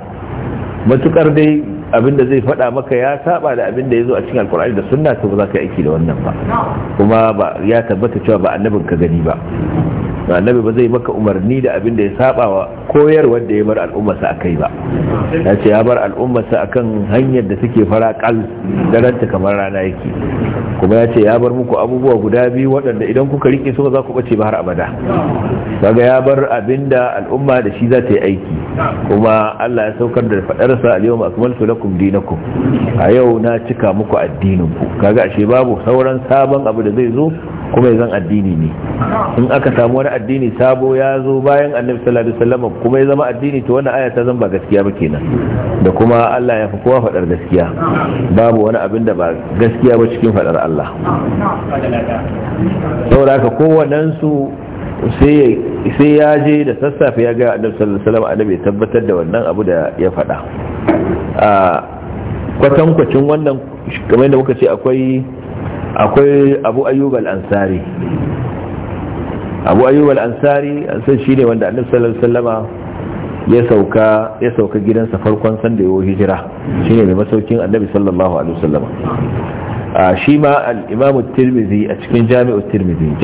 matukar dai abinda zai faɗa maka ya saba da abinda ya zo a cikin alkur'ani da sunna to ba za ka yi aiki da wannan ba kuma ba ya tabbata cewa ba annabin ka gani ba ba annabi ba zai maka umarni da abin da ya saba wa koyarwar da ya bar al'ummarsa a kai ba ya ce ya bar al'ummarsa a kan hanyar da suke fara kal daranta kamar rana yake kuma ya ce ya bar muku abubuwa guda biyu waɗanda idan kuka rike su za ku ɓace ba har abada daga ya bar abin da al'umma da shi za ta yi aiki kuma Allah ya saukar da faɗarsa al yawma akmaltu lakum dinakum a yau na cika muku addinin ku kaga ashe babu sauran sabon abu da zai zo kuma ya zan addini ne in aka samu wani addini sabo ya zo bayan annabi sallallahu alaihi wasallam kuma ya zama addini to wannan aya ta zan ba gaskiya ba kenan da kuma Allah ya fi kowa fadar gaskiya babu wani abin da ba gaskiya ba cikin fadar Allah saboda haka kowannen su sai ya je da sassafe ya ga annabi sallallahu alaihi wasallam annabi tabbatar da wannan abu da ya faɗa a kwatankwacin wannan kamar da muka ce akwai akwai abu ayyub ansari abu ayyub ansari shi ne wanda annabi sallallahu ya sauka gidansa farkon sanda yawo hijira ne mai masaukin annabi sallallahu alaihi wasallama shi ma al tirmidhi a cikin jami'u tirmidhi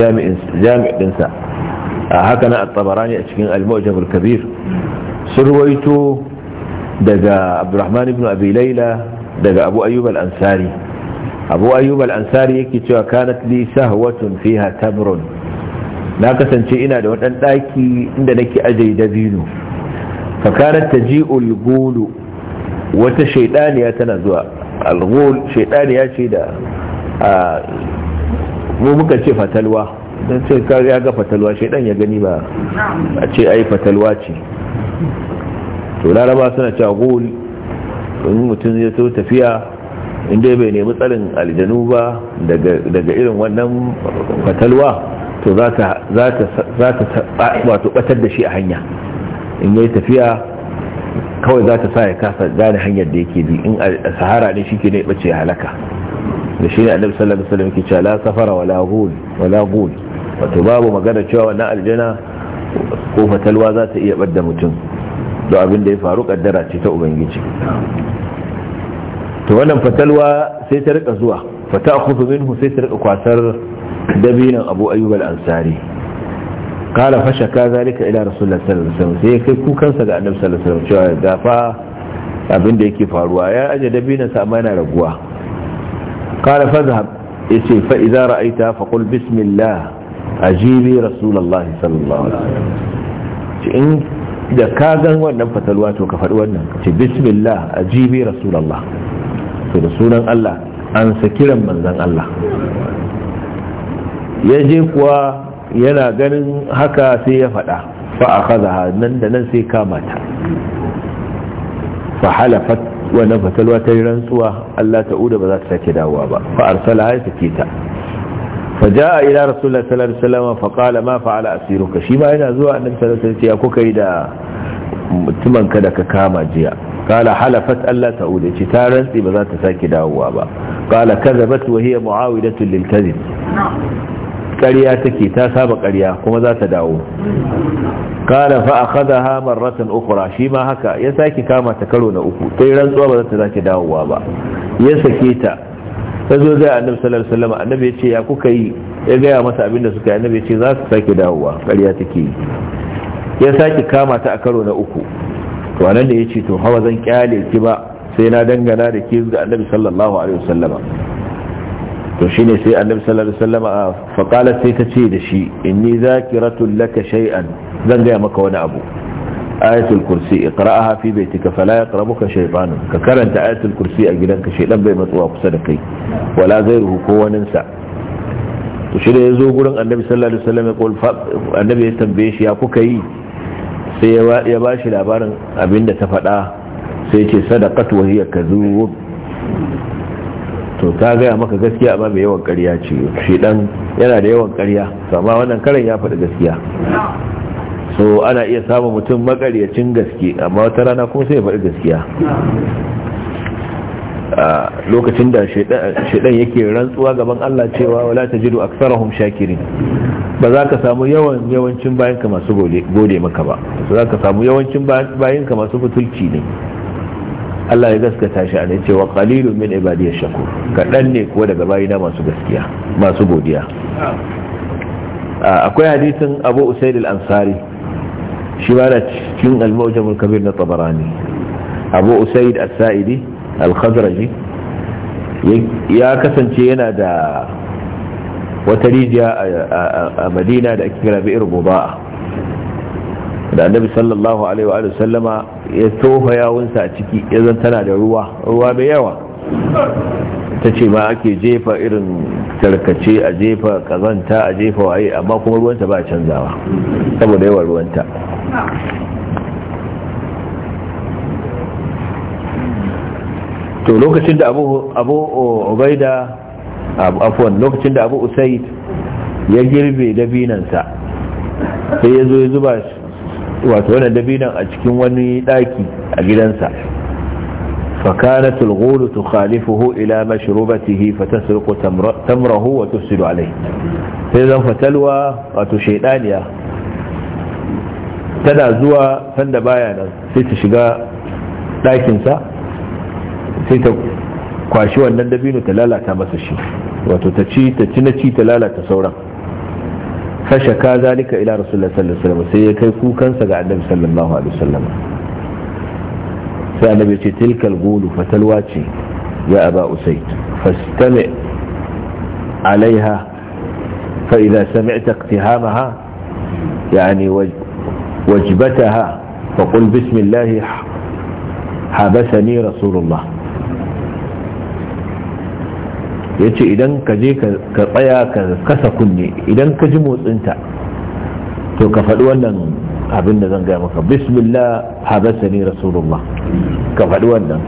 haka na at-tabarani a cikin al kabir sun ruwaito daga abdurrahman ibn abi daga abu ayyub ansari abu ayyub al-ansari yake cewa kanat li sahwatun fiha tamrun na kasance ina da wadan daki inda nake ajiye dabino fa kanat taji'u al-ghulu wata shaidaniya tana zuwa al shaidaniya ce da mu muka ce fatalwa dan ce ya ga fatalwa shaydan ya gani ba a ce ai fatalwa ce to laraba suna cewa ghul mutum ya so tafiya inda bai nemi tsarin aljanu ba daga irin wannan fatalwa to za ta wato batar da shi a hanya in yi tafiya kawai za ta sa ya kasa gane hanyar da yake bi in a sahara ne shi ke ne bace halaka da shi ne annabi sallallahu alaihi wasallam ke cewa la safara wala ghul wala ghul wato babu magana cewa wannan aljana ko fatalwa za ta iya bar da mutum don abin da ya faru kaddara ce ta ubangiji to wannan fatalwa sai ta rika zuwa fata akufu minhu sai ta rika kwasar dabinin abu ayyub al-ansari kala fasha ka zalika ila rasulullah sallallahu alaihi wasallam sai kai kukansa ga annabi sallallahu alaihi wasallam cewa ga fa abin da yake faruwa ya aje dabinin sa amma yana raguwa kala fazhab yace fa idza ra'aita fa qul bismillah ajibi rasulullah sallallahu alaihi wasallam in da ka gan wannan fatalwa to ka faɗi wannan ce bismillah ajibi rasulullah to da sunan Allah an sa kiran manzan Allah ya je kuwa yana ganin haka sai ya faɗa fa a kaza nan da nan sai kama ta fa halafat wannan fatalwa ta yi rantsuwa Allah ta'uda ba za ta sake dawowa ba fa arsala ya sake ta فجاء الى رسول الله صلى الله عليه وسلم فقال ما فعل اسيرك shi ما yana zuwa annabi sallallahu alaihi wasallam ya kuka yi da mutumanka da ka kama jiya kala halafat Allah ta'uda ce ta rantsi ba za ta sake dawowa ba kala kazabat wa hiya mu'awidatu lil kadhib ƙarya take ta saba ƙarya kuma za ta dawo kala fa akhadha marratan ukhra shi ma haka ya sake kama ta karo na uku sai rantsuwa ba za ta sake dawowa ba ya sake ta ta zo zai annabi sallallahu alaihi wasallam annabi ya ce ya kuka yi ya gaya masa abin da suka yi annabi ya ce za su sake dawowa ƙarya take yi ya sake kama ta a karo na uku to nan da ya ce to hawa zan kyale ki ba sai na dangana da ke ga annabi sallallahu alaihi wasallama to shine sai annabi sallallahu alaihi wasallama a ah, qala sai ta ce da shi inni zakiratul laka shay'an zan ga maka wani abu ayatul kursi iqra'aha fi baytika fala yaqrabuka shaytan ka karanta ayatul kursi a gidanka shaytan bai matsuwa kusa da kai wala zairuhu ko waninsa to shi da yazo gurin annabi sallallahu alaihi wasallam ya annabi ya tambaye shi ya kuka yi sai ya ba shi labarin abinda ta fada sai ce sadaqatu wa hiya kadhub to ta gaya maka gaskiya amma mai yawan karya ce shi dan yana da yawan karya amma wannan karin ya faɗi gaskiya so ana iya samun mutum makaryacin gaske amma wata rana kuma sai ya faɗi gaskiya lokacin da shaidan yake rantsuwa gaban Allah cewa wala tajidu aktsarahum shakirin ba za ka samu yawan yawancin bayanka masu gode maka ba za ka samu yawancin bayanka masu fitulci ne Allah ya gaskata shi ne cewa qalilu min ibadiyash shakur kadan ne kuwa daga bayina masu gaskiya masu godiya akwai hadisin Abu Usaid al-Ansari shi ba da cikin al-Mu'jam al-Kabir na Tabarani Abu Usaid al saidi al ya kasance yana da wata rijiya a madina da ake kira bi'ir guba'a da annabi sallallahu alaihi wa sallama ya tofa yawunsa a ciki ya zan tana da ruwa ruwa mai yawa ta ce ma ake jefa irin tarkace a jefa kazanta a jefa waye amma kuma ruwanta ba canzawa saboda yawan ruwanta lokacin da abu ubaida afuwan lokacin da abu ya girbe dabinansa sai ya zo ya zuba wata wani dabinan a cikin wani daki a gidansa fakana tulgulu tu khalifuhu ila mashrubatihi fata surku tamrahu wa tusiru alai sai zan fatalwa wato shaidaniya tana zuwa sanda baya nan sai ta shiga ɗakinsa. sai ta kwashi wannan dabino ta lalata masa shi wato ta ci ta ci na ci ta lalata sauran fashaka zalika ila rasulullahi sallallahu alaihi wasallam sai ya kai kukansa ga annabi sallallahu alaihi wasallam sai annabi ce tilkal gulu fatalwa ce ya aba usayd fastami alaiha fa idza sami'ta iqtihamaha yani wajbataha فقل بسم الله حبسني رسول الله ya ce idan ka je ka tsaya ka kasa kunne idan ka ji motsinta to ka faɗi wannan abin da zan gaya maka bismillah habasa ni rasulullah ka faɗi wannan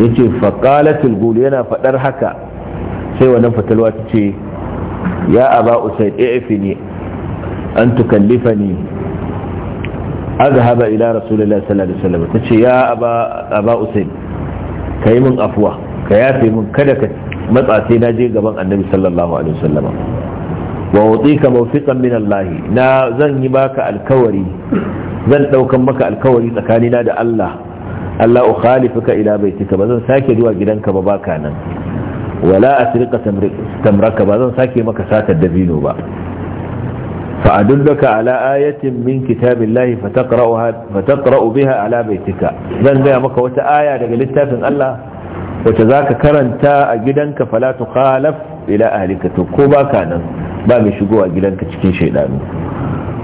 ya ce faƙalatul gulu yana faɗar haka sai wannan fatalwa ta ce ya aba usaid ifi ne an tukallifa ni azhaba ila rasulullah sallallahu alaihi wasallam ta ce ya aba aba usaid kai min afuwa ka yafe min kada ka matsa sai na je gaban annabi sallallahu alaihi wasallama wa utika mawfiqan min Allah na zan yi maka alkawari zan daukan maka alkawari tsakanina da Allah Allah ukhalifuka ila baitika ba zan sake zuwa gidanka ba baka nan wala asriqa tamraka ba zan sake maka satar dabino ba fa adullaka ala ayatin min kitabillahi fataqra'uha fataqra'u biha ala baitika zan gaya maka wata aya daga littafin Allah wacce za ka karanta a gidanka Falatu tu khalaf ila ahlika to ko ka nan ba mai a gidanka cikin shaidanu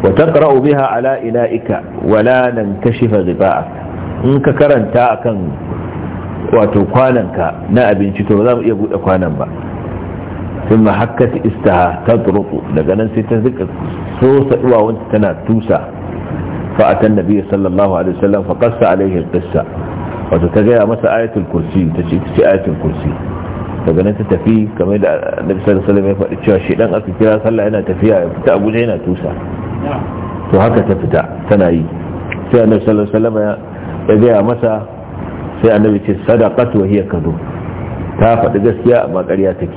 wa taqra'u biha ala ina'ika wala nan kashifa ghita'ak in ka karanta akan wato kwananka na abinci to ba za mu iya bude kwanan ba ثم حكت استها تطرق daga nan sai ta zika so saduwa wanda tana tusa fa atan nabi sallallahu alaihi wasallam fa qassa alaihi alqissa wato ta gaya masa ayatul kursi ta ce ce ayatul kursi daga nan ta tafi kamar da annabi sallallahu alaihi ya faɗi cewa shi dan aka kira sallah yana tafiya ya fita Abuja yana tusa to haka ta fita tana yi sai annabi sallallahu alaihi ya gaya masa sai annabi ce sadaqatu wa hiya kadu ta faɗi gaskiya amma ƙarya take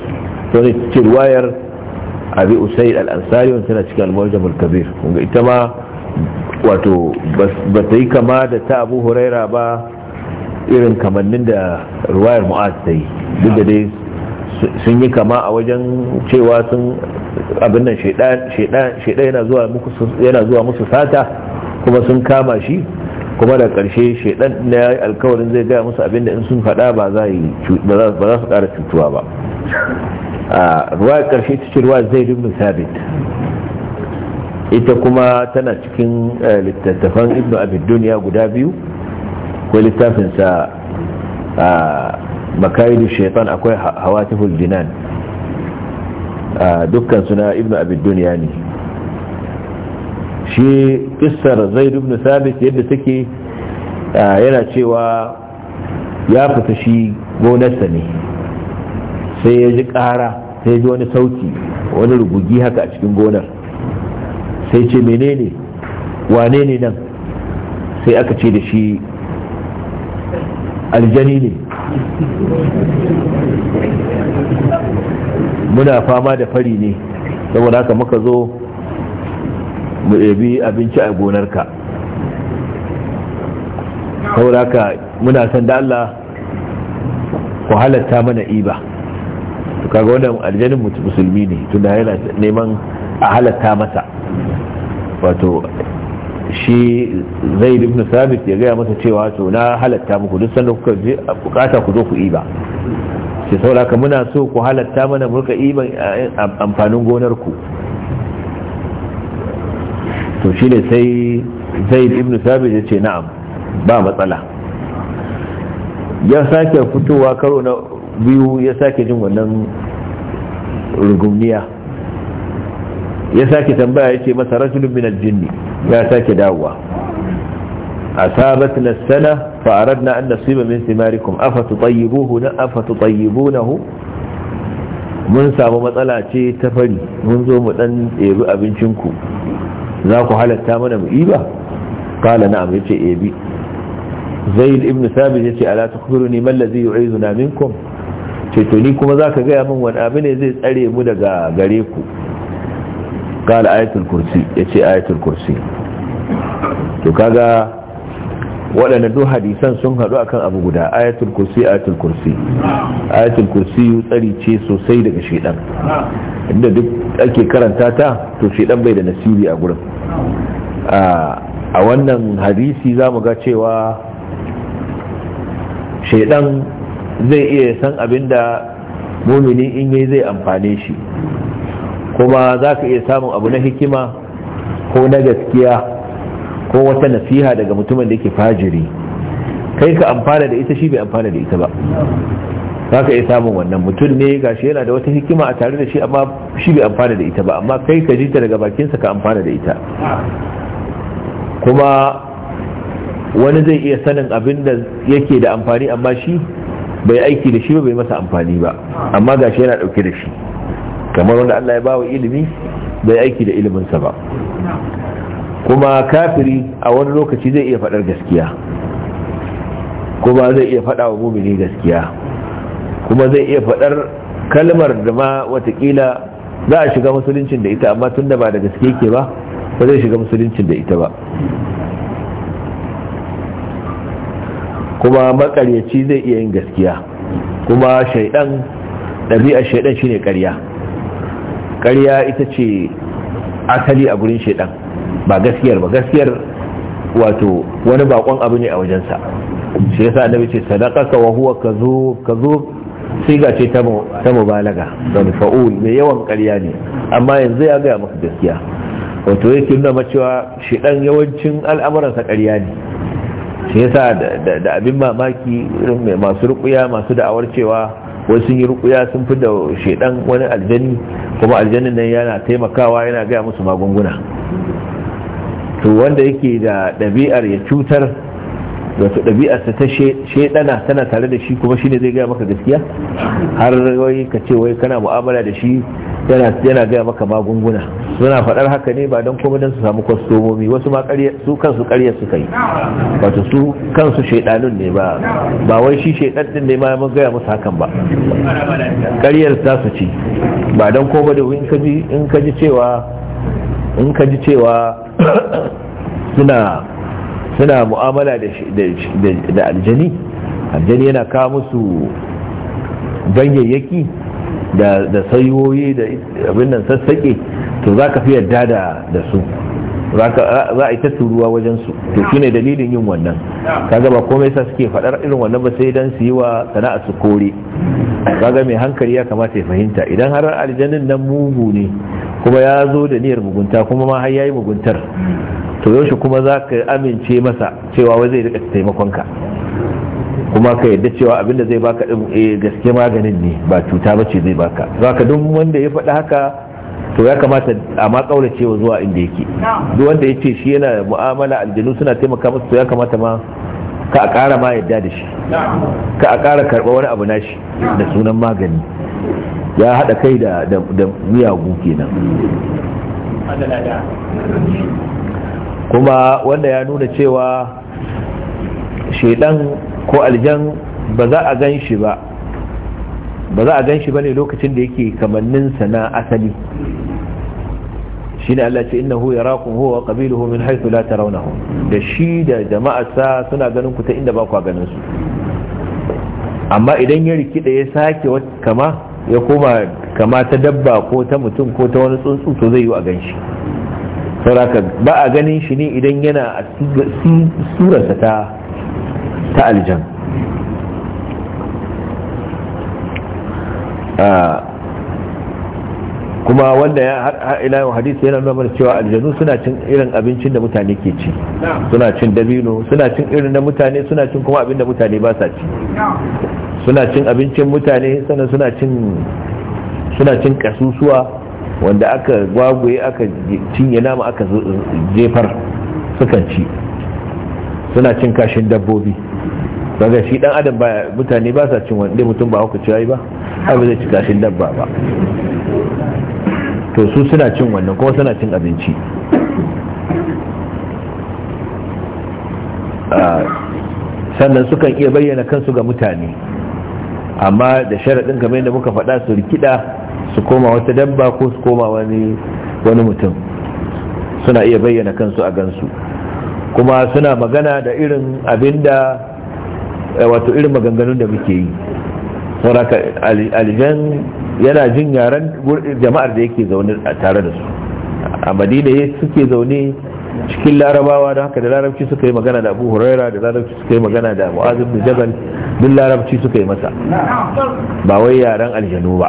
to ne ce riwayar abi usaid al-ansari wanda tana cikin al-mawjam al-kabir kuma ita ma wato ba ta yi kama da ta abu huraira ba irin kamannin da ruwayar mu'ad ta yi duk da dai sun yi kama a wajen cewa sun abin nan shaida yana zuwa musu sata kuma sun kama shi kuma da ƙarshe shaidan na alkawarin zai gaya musu abinda in sun faɗa ba za su ƙara cutuwa ba a ruwa ƙarshe ce ruwa zai rubin sabit ita kuma tana cikin eh, littattafan ibnu abin duniya guda biyu akwai littafinsa a makaidu shaitan akwai hawatiful jinan dukkan suna Ibn abid duniya ne shi kissar zaid ibn sabit yadda take yana cewa ya fita shi gonarsa ne sai ya ji ƙara sai ji wani sauti wani rugugi haka a cikin gonar sai ce menene wane ne nan sai aka ce da shi aljani ne muna fama da fari ne saboda haka muka zo mu ebi abinci a gonarka saboda haka muna san da Allah ku halatta mana iba to kaga wannan aljanin musulmi ne tunda yana neman a halatta masa wato shi zai ibn sabit ya gaya masa cewa to na halatta muku duk sanda kuka je bukata ku zo ku iba sai sauraka muna so ku halatta mana murka iban eh, amfanin gonar ku to shi ne sai zai ibn sabit ya ce na'am ba matsala ya sake fitowa karo na biyu ya sake jin wannan rugumniya ya sake tambaya ya ce masa rajulun min aljinni ya sake dawowa asabatna sana fa aradna an nasiba min thimarikum afatu tutayyibuhu na afatu tutayyibunahu mun samu matsala ce ta fari mun zo mu dan abincin ku. za ku halatta mana mu iba kala na'am yace ebi zaid ibn sabit yace ala tukhbiruni man ladhi yu'izuna minkum ce to ni kuma zaka ga min wani abu ne zai tsare mu daga gare ku kala ayatul kursi yace ayatul kursi to kaga waɗanda duk hadisan sun haɗu akan abu guda ayatul kursi ayatul kursi ayatul kursi tsari ce sosai daga shedan inda duk ake karanta ta to shedan bai da nasiri a gurin a wannan hadisi za mu ga cewa shaidan zai iya san abinda mumini in yi zai amfane shi kuma za ka iya samun abu na hikima ko na gaskiya ko wata nasiha daga mutumin da yake fajiri kai ka amfana da ita shi bai amfana da ita ba za ka iya samun wannan mutum ne gashi yana da wata hikima a tare da shi amma shi bai amfana da ita ba amma kai ka ji ta daga bakinsa ka amfana da ita kuma wani zai iya sanin abin da yake da amfani amma shi bai aiki da shi ba bai masa amfani ba amma gashi yana dauke da shi kamar wanda Allah ya bawa ilimi bai aiki da iliminsa ba kuma kafiri a wani lokaci zai iya faɗar gaskiya kuma zai iya faɗa wa mumini gaskiya kuma zai iya faɗar kalmar da ma watakila za a shiga musuluncin da ita amma tun da ba da gaske ke ba ba zai shiga musuluncin da ita ba kuma makaryaci zai iya yin gaskiya kuma shaidan ɗabi'ar shaidan shine ƙarya ƙarya ita ce asali a gurin shaidan ba gaskiyar ba gaskiyar wato wani bakon abu ne a wajensa shi yasa annabi ce sadaqaka wa huwa ka zo siga ce ta mubalaga don fa'ul mai yawan ƙarya ne amma yanzu ya gaya maka gaskiya wato yake nuna cewa shi dan yawancin al'amuransa ƙarya ne shi yasa da abin mamaki irin masu rukuya masu da'awar cewa wai sun yi rukuya sun fi da shedan wani aljani kuma aljanin nan yana taimakawa yana gaya musu magunguna to wanda yake da ɗabi'ar ya cutar wato ɗabi'arsa ta shaidana tana tare da shi kuma shine zai gaya maka gaskiya har wai ka ce wai kana mu'amala da shi yana gaya maka magunguna suna faɗar haka ne ba don kuma don su samu kwastomomi wasu ma su kansu ƙarya suka yi wato su kansu shaidanun ne ba ba wai shi shaidan din ne ma mun gaya musu hakan ba ƙaryar ta su ci ba don kuma da in ka ji cewa in ka ji cewa suna mu'amala da aljani aljani yana kawo musu ganyayyaki da sayoyi da abin nan sassaƙe to za ka fi yadda da su za a yi turuwa wajen su to shi ne dalilin yin wannan kaga ba komai sa suke faɗar irin wannan ba sai dan su yi wa sana'a su kore kaga mai hankali ya kamata ya fahimta idan har aljanin nan mugu ne kuma ya zo da niyyar mugunta kuma ma har yayi muguntar to yaushe kuma za ka amince masa cewa wai zai rika taimakon ka kuma ka yadda cewa abin da zai baka din eh gaske maganin ne ba cuta bace zai baka zaka duk wanda ya faɗi haka to ya kamata a ma cewa zuwa inda yake duk wanda ya ce shi yana mu'amala aljanu suna taimaka masa to ya kamata ma ka a ƙara ma yadda da shi ka a ƙara karɓa wani abu nashi da sunan magani ya haɗa kai da da miyagu kenan kuma wanda ya nuna cewa shaidan ko aljan ba za a gan shi ba ba za a gan shi ba ne lokacin da yake kamanninsa na asali shine Allah ce innahu yarakum huwa qabiluhu min haythu la tarawnahu da shi da jama'arsa suna ganin ku ta inda ba ku ganin su amma idan ya rikida ya sake kama ya koma kama ta dabba ko ta mutum ko ta wani tsuntsu to zai yi a gan shi sauraka ba a ganin shi ne idan yana a surarsa ta ta aljan ah, kuma wanda ya ila yau hadisi yana nuna mana cewa aljanu suna cin irin abincin da mutane ke ci suna cin dabino suna cin irin na mutane suna cin kuma abin da mutane ba sa ci suna cin abincin mutane sannan suna cin suna cin kasusuwa wanda aka gwagwaye aka cinye nama aka jefar sukan ci suna cin kashin dabbobi daga shi dan adam ba mutane ba sa cin wanda mutum ba hukunci yayi ba abin da zai ci kashin dabba ba to su suna cin wannan kuma suna cin abinci sannan sukan iya bayyana kansu ga mutane amma da sharaɗin kamar yadda muka faɗa su rikida su koma wata dabba ko su koma wani mutum suna iya bayyana kansu a gansu kuma suna magana da irin da eh, wato irin maganganun da muke yi sauraka aljan yana jin yaren jama'ar da yake zaune a tare da su a madina suke zaune cikin larabawa da haka da larabci suka yi magana da abu huraira da larabci suka yi magana da mu'azin da jabal duk larabci suka yi masa ba wai yaren aljanu ba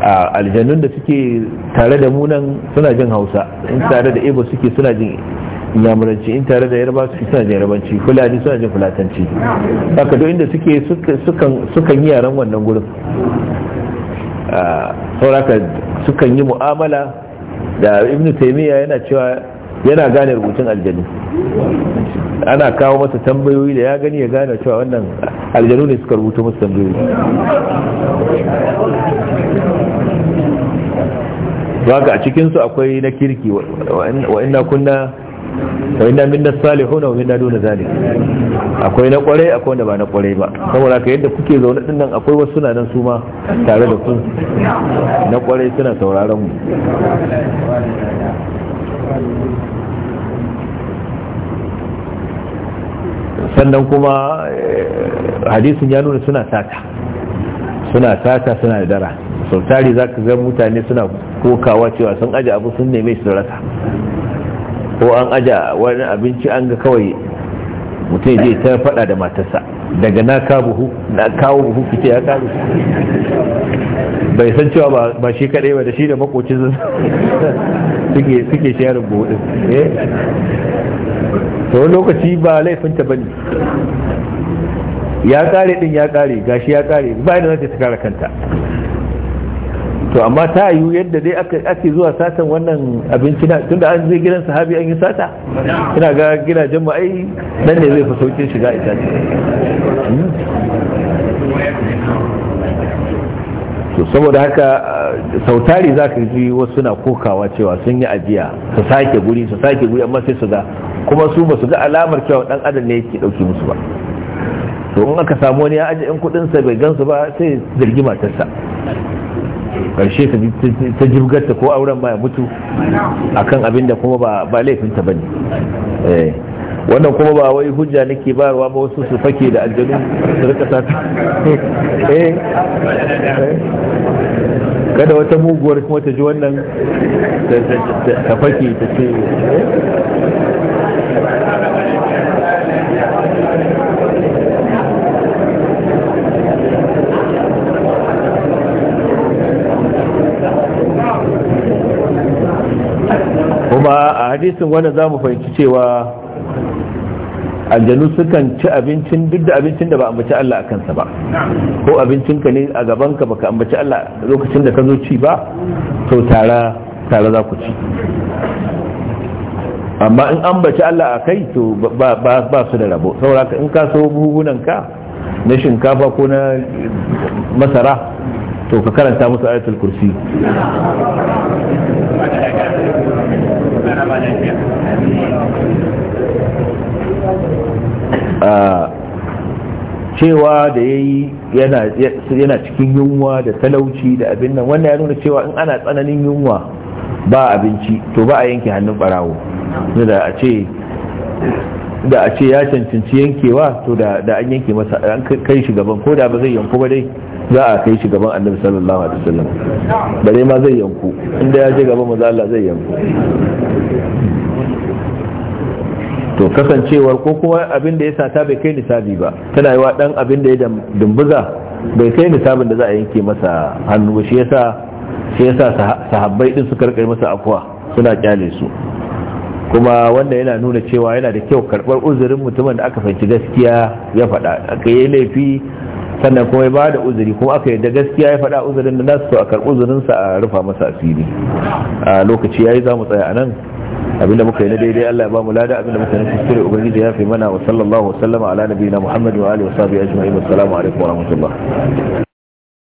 a aljanun da suke tare da munan suna jin hausa in tare da ibo suke suna jin yamuranci in tare da yarba su suna jin yarbanci fulani suna jin fulatanci haka duk inda suke sukan yi yaren wannan gurin ah, sauraka sukan yi mu'amala da ibnu taimiyya yana cewa yana gane rubutun aljanu ana kawo masa tambayoyi da ya gani ya gane cewa wannan aljanu ne suka rubuta masa tambayoyi ba a cikinsu akwai na kirki wa na kunna wa inna minna salihun wa minna duna zalik akwai na kware akwai wanda ba na kware ba saboda ka yadda kuke zaune din nan akwai wasu suna nan su ma tare da ku na kware suna sauraron mu sannan kuma eh, hadisin ya nuna suna sata suna sata suna da dara sau tari za ka zan mutane suna kokawa cewa sun aji abu sun neme su rasa ko an aja wani abinci an ga kawai mutum zai ta fada da matarsa daga na kawo buhu fice ya kawo bai san cewa ba shi kadai ba da shi da makocin (laughs) suke sharin buhu din eh? to wani lokaci ba laifinta ba ne ya kare din ya kare gashi ya kare ba da zai ta kara kanta to amma ta yiwu yadda dai ake zuwa satan wannan abinci na tunda an zai gidan sahabi an yi sata ina ga gidajen mu ai nan ne zai fi saukin shiga itace to saboda haka sautari za ka ji wasu suna kokawa cewa sun yi ajiya su sake guri su sake guri amma sai su ga kuma su ba su ga alamar cewa dan adam ne yake dauke musu ba to in aka samu wani ya aje in kudin sa bai gansu ba sai zargi matarsa karshe ta jirgarta ko auren ba ya mutu akan abin da kuma ba laifinta ba ne eh, wannan kuma ba wai hujja nake bayarwa ba wasu su fake da aljanu su rika sa (laughs) eh, eh. kada wata muguwar kuma ta ji wannan ta fake ta ce hadisin wanda za mu fahimci cewa aljanu sukan ci abincin duk da abincin da ba ambaci Allah a kansa ba ko abincinka ne a gabanka ka ambaci Allah lokacin da ka zo ci ba to tara tare za ku ci amma in ambaci Allah a kai to ba su da rabo sauraka in ka so buhunanka na shinkafa ko na masara to ka karanta musu ayatul kursi a cewa da ya yi yana cikin yunwa da talauci da abin nan wannan ya nuna cewa in ana tsananin yunwa ba abinci to ba a yanke hannun barawo da ce da a ce ya cancanci yankewa to da an yanke masa an kai shi gaban ko da ba zai yanku ba dai za a kai shi gaban annabi sallallahu alaihi wasallam bare ma zai yanku inda ya je gaban manzo Allah zai yanku to kasancewar ko kuma abin da ya sata bai kai nisabi ba tana yi wa dan abin da ya dumbuza bai kai nisabin da za a yanke masa hannu shi yasa shi yasa sahabbai din suka rika masa akwa suna kyale su kuma wanda yana nuna cewa yana da kyau karbar uzurin mutumin da aka fahimci gaskiya ya faɗa aka yi laifi sannan kuma ya ba da uzuri kuma aka da gaskiya ya faɗa uzurin da nasu to a karɓi uzurinsa a rufa masa asiri a lokaci ya yi za mu tsaya a nan abinda muka yi na daidai Allah ya ba mu lada abinda muka yi na kuskure ubangiji ya fi mana wa sallallahu wa sallama ala nabiyina Muhammad wa alihi wa sahbihi ajma'in assalamu alaikum wa rahmatullah